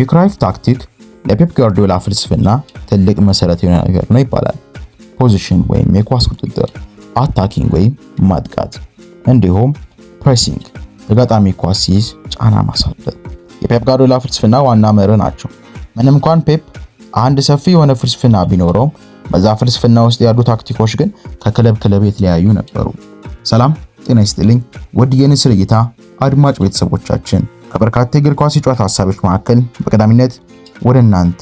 የክራይፍ ታክቲክ ለፔፕ ጋርዲዮላ ፍልስፍና ትልቅ መሰረት የሆነ ነገር ነው ይባላል። ፖዚሽን ወይም የኳስ ቁጥጥር፣ አታኪንግ ወይም ማጥቃት፣ እንዲሁም ፕሬሲንግ ተጋጣሚ ኳስ ሲይዝ ጫና ማሳደር የፔፕ ጋርዲዮላ ፍልስፍና ዋና መርህ ናቸው። ምንም እንኳን ፔፕ አንድ ሰፊ የሆነ ፍልስፍና ቢኖረውም በዛ ፍልስፍና ውስጥ ያሉ ታክቲኮች ግን ከክለብ ክለብ የተለያዩ ነበሩ። ሰላም ጤና ይስጥልኝ ውድ የንስር እይታ አድማጭ ቤተሰቦቻችን ከበርካታ የእግር ኳስ የጨዋታ ሀሳቦች መካከል በቀዳሚነት ወደ እናንተ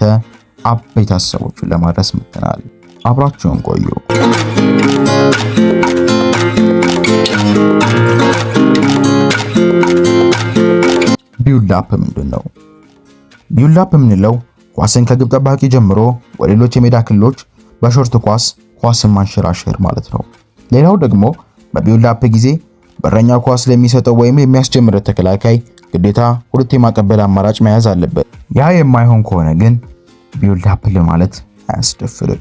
አበይት ሀሳቦቹን ለማድረስ መጥተናል። አብራችሁን ቆዩ። ቢውልድ ምንድን ነው? ቢውልድ የምንለው ኳስን ከግብ ጠባቂ ጀምሮ ወደ ሌሎች የሜዳ ክልሎች በሾርት ኳስ ኳስን ማንሸራሸር ማለት ነው። ሌላው ደግሞ በቢውላፕ ጊዜ በረኛው ኳስ ለሚሰጠው ወይም የሚያስጀምረው ተከላካይ ግዴታ ሁለት የማቀበል አማራጭ መያዝ አለበት። ያ የማይሆን ከሆነ ግን ቢውልድ አፕ ለማለት አያስደፍርም።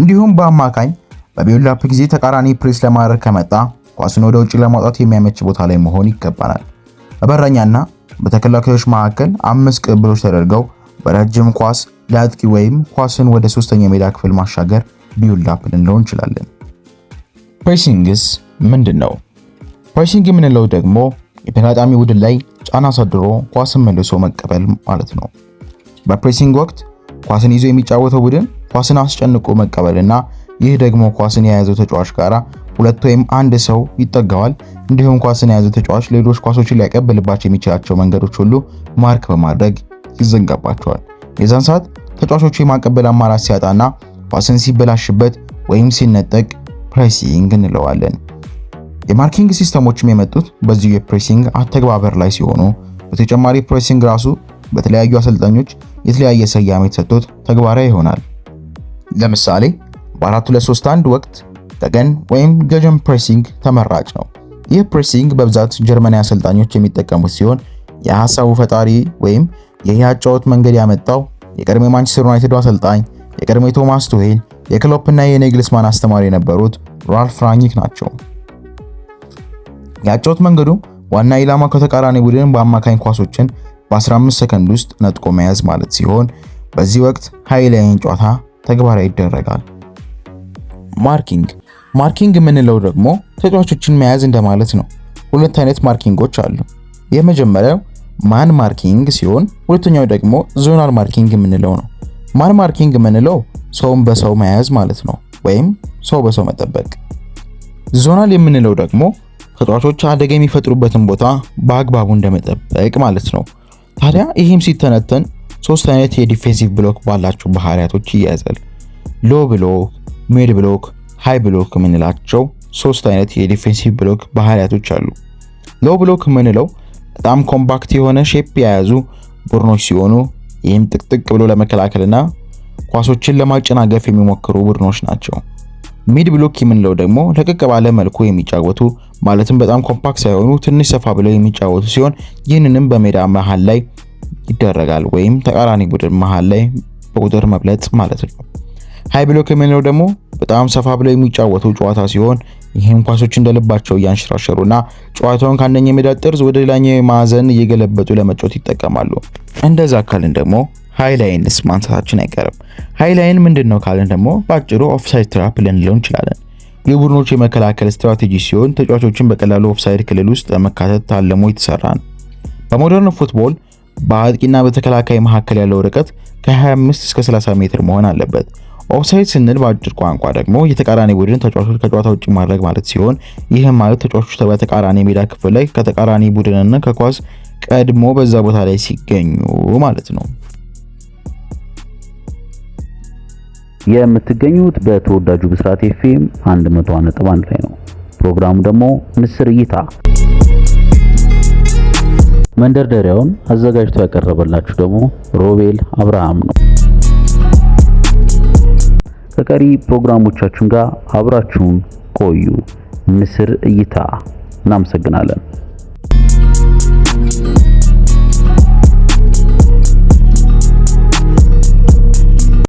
እንዲሁም በአማካኝ በቢውልድ አፕ ጊዜ ተቃራኒ ፕሬስ ለማድረግ ከመጣ ኳስን ወደ ውጭ ለማውጣት የሚያመች ቦታ ላይ መሆን ይገባናል። በበረኛና በተከላካዮች መካከል አምስት ቅብሎች ተደርገው በረጅም ኳስ ለአጥቂ ወይም ኳስን ወደ ሶስተኛ ሜዳ ክፍል ማሻገር ቢውልድ አፕ ልንለው እንችላለን። ፕሬሲንግስ ምንድን ነው? ፕሬሲንግ የምንለው ደግሞ የተጋጣሚ ቡድን ላይ ጫና አሳድሮ ኳስን መልሶ መቀበል ማለት ነው። በፕሬሲንግ ወቅት ኳስን ይዞ የሚጫወተው ቡድን ኳስን አስጨንቆ መቀበልና ይህ ደግሞ ኳስን የያዘው ተጫዋች ጋራ ሁለት ወይም አንድ ሰው ይጠጋዋል። እንዲሁም ኳስን የያዘው ተጫዋች ሌሎች ኳሶችን ሊያቀብልባቸው የሚችላቸው መንገዶች ሁሉ ማርክ በማድረግ ይዘንጋባቸዋል። የዛን ሰዓት ተጫዋቾቹ የማቀበል አማራጭ ሲያጣና ኳስን ሲበላሽበት ወይም ሲነጠቅ ፕሬሲንግ እንለዋለን። የማርኪንግ ሲስተሞችም የመጡት በዚሁ የፕሬሲንግ አተግባበር ላይ ሲሆኑ በተጨማሪ ፕሬሲንግ ራሱ በተለያዩ አሰልጣኞች የተለያየ ስያሜ የተሰጡት ተግባራዊ ይሆናል። ለምሳሌ በአራት ሁለት ሶስት አንድ ወቅት ገገን ወይም ገጀን ፕሬሲንግ ተመራጭ ነው። ይህ ፕሬሲንግ በብዛት ጀርመናዊ አሰልጣኞች የሚጠቀሙት ሲሆን የሐሳቡ ፈጣሪ ወይም የያጫወት መንገድ ያመጣው የቀድሞ ማንቸስተር ዩናይትድ አሰልጣኝ የቀድሞ ቶማስ ቱሄል የክሎፕና የኔግልስማን አስተማሪ የነበሩት ራልፍ ራኒክ ናቸው። የአጨዋወት መንገዱ ዋና ኢላማ ከተቃራኒ ቡድን በአማካኝ ኳሶችን በ15 ሰከንድ ውስጥ ነጥቆ መያዝ ማለት ሲሆን በዚህ ወቅት ሃይላይን ጨዋታ ተግባራዊ ይደረጋል። ማርኪንግ ማርኪንግ የምንለው ደግሞ ተጫዋቾችን መያዝ እንደማለት ነው። ሁለት አይነት ማርኪንጎች አሉ። የመጀመሪያው ማን ማርኪንግ ሲሆን ሁለተኛው ደግሞ ዞናል ማርኪንግ የምንለው ነው። ማን ማርኪንግ የምንለው ሰውን በሰው መያዝ ማለት ነው፣ ወይም ሰው በሰው መጠበቅ። ዞናል የምንለው ደግሞ እጽዋቶች አደጋ የሚፈጥሩበትን ቦታ በአግባቡ እንደመጠበቅ ማለት ነው። ታዲያ ይህም ሲተነተን ሶስት አይነት የዲፌንሲቭ ብሎክ ባላቸው ባህሪያቶች ይያዛል። ሎ ብሎክ፣ ሜድ ብሎክ፣ ሃይ ብሎክ የምንላቸው ሶስት አይነት የዲፌንሲቭ ብሎክ ባህሪያቶች አሉ። ሎ ብሎክ የምንለው በጣም ኮምፓክት የሆነ ሼፕ የያዙ ቡድኖች ሲሆኑ ይህም ጥቅጥቅ ብሎ ለመከላከልና ኳሶችን ለማጨናገፍ የሚሞክሩ ቡድኖች ናቸው። ሚድ ብሎክ የምንለው ደግሞ ለቅቅ ባለ መልኩ የሚጫወቱ ማለትም በጣም ኮምፓክት ሳይሆኑ ትንሽ ሰፋ ብለው የሚጫወቱ ሲሆን ይህንንም በሜዳ መሀል ላይ ይደረጋል ወይም ተቃራኒ ቡድን መሀል ላይ በቁጥር መብለጥ ማለት ነው። ሀይ ብሎክ የምንለው ደግሞ በጣም ሰፋ ብለው የሚጫወቱ ጨዋታ ሲሆን ይህም ኳሶች እንደልባቸው እያንሸራሸሩና ጨዋታውን ከአንደኛ የሜዳ ጥርዝ ወደ ሌላኛው ማዕዘን እየገለበጡ ለመጫወት ይጠቀማሉ። እንደዛ ካልን ደግሞ ሃይላይንስ ማንሳታችን አይቀርም። ሃይላይን ምንድን ነው ካልን ደግሞ በአጭሩ ኦፍሳይድ ትራፕ ልንለው እንችላለን። የቡድኖች የመከላከል ስትራቴጂ ሲሆን ተጫዋቾችን በቀላሉ ኦፍሳይድ ክልል ውስጥ ለመካተት ታልሞ የተሰራ ነው። በሞደርን ፉትቦል በአጥቂና በተከላካይ መካከል ያለው ርቀት ከ25 እስከ 30 ሜትር መሆን አለበት። ኦፍሳይድ ስንል በአጭር ቋንቋ ደግሞ የተቃራኒ ቡድን ተጫዋቾች ከጨዋታ ውጭ ማድረግ ማለት ሲሆን ይህም ማለት ተጫዋቾች በተቃራኒ ሜዳ ክፍል ላይ ከተቃራኒ ቡድንና ከኳስ ቀድሞ በዛ ቦታ ላይ ሲገኙ ማለት ነው። የምትገኙት በተወዳጁ ብስራት ኤፍኤም 101.1 ላይ ነው። ፕሮግራሙ ደግሞ ንስር እይታ። መንደርደሪያውን አዘጋጅቶ ያቀረበላችሁ ደግሞ ሮቤል አብርሃም ነው። ከቀሪ ፕሮግራሞቻችን ጋር አብራችሁን ቆዩ። ንስር እይታ። እናመሰግናለን።